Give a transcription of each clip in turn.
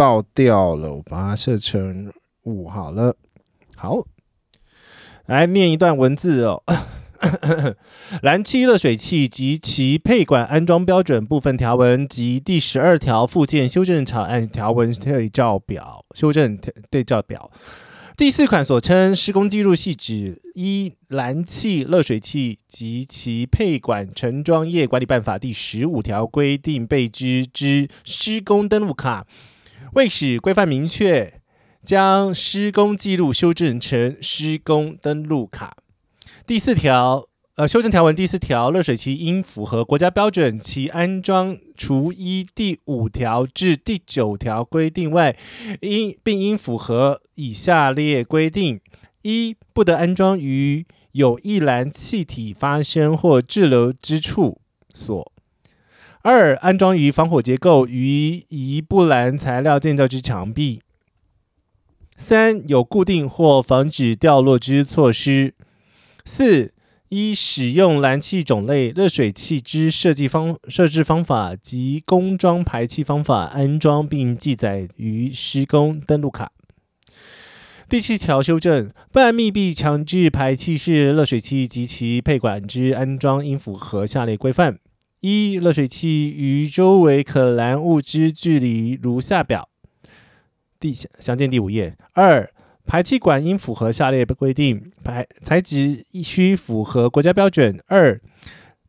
爆掉了！我把它設成五好了。好，來念一段文字哦。《燃 氣熱水器及其配管安裝標準》部分條文及第十二條附件修正草案條文對照表，修正對照表第四款所稱施工記錄係指依燃氣熱水器及其配管承裝業管理辦法》第十五條規定備知之，之施工登錄卡。為使規範明確，將施工記錄修正成施工登錄卡。第四條，呃，修正條文第四條，熱水器應符合國家標準，其安裝除依第五條至第九條規定外，應並應符合以下列規定：一、不得安裝於有易燃氣體發生或滯留之處所。二、安裝於防火結構與以不燃材料建造之牆壁。三、有固定或防止掉落之措施。四、依使用燃氣種類、熱水器之設計方設置方法及工裝排氣方法安裝，並記載於施工登錄卡。第七條修正：半密閉強制排氣式熱水器及其配管之安裝應符合下列規範。一、熱水器與周圍可燃物質距離如下表，第詳詳見第五頁。二、排氣管應符合下列規定：排材質需符合國家標準；二、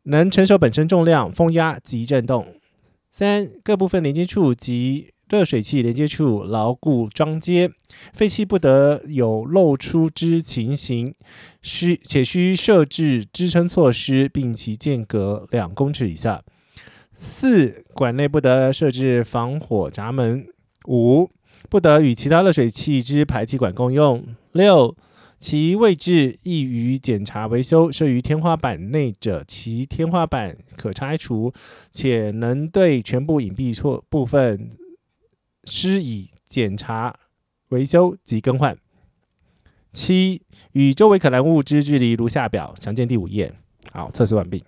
能承受本身重量、風壓及振動；三、各部分連接處及。熱水器連接處牢固裝接，廢氣不得有漏出之情形，需且需設置支撐措施，並其間隔兩公尺以下。四、管內不得設置防火閘門。五、不得與其他熱水器之排氣管共用。六、其位置易於檢查維修，設於天花板內者，其天花板可拆除，且能對全部隱蔽錯部分。施以檢查、維修及更換。七、與周圍可燃物質距離如下表，詳見第五頁。好，測試完畢。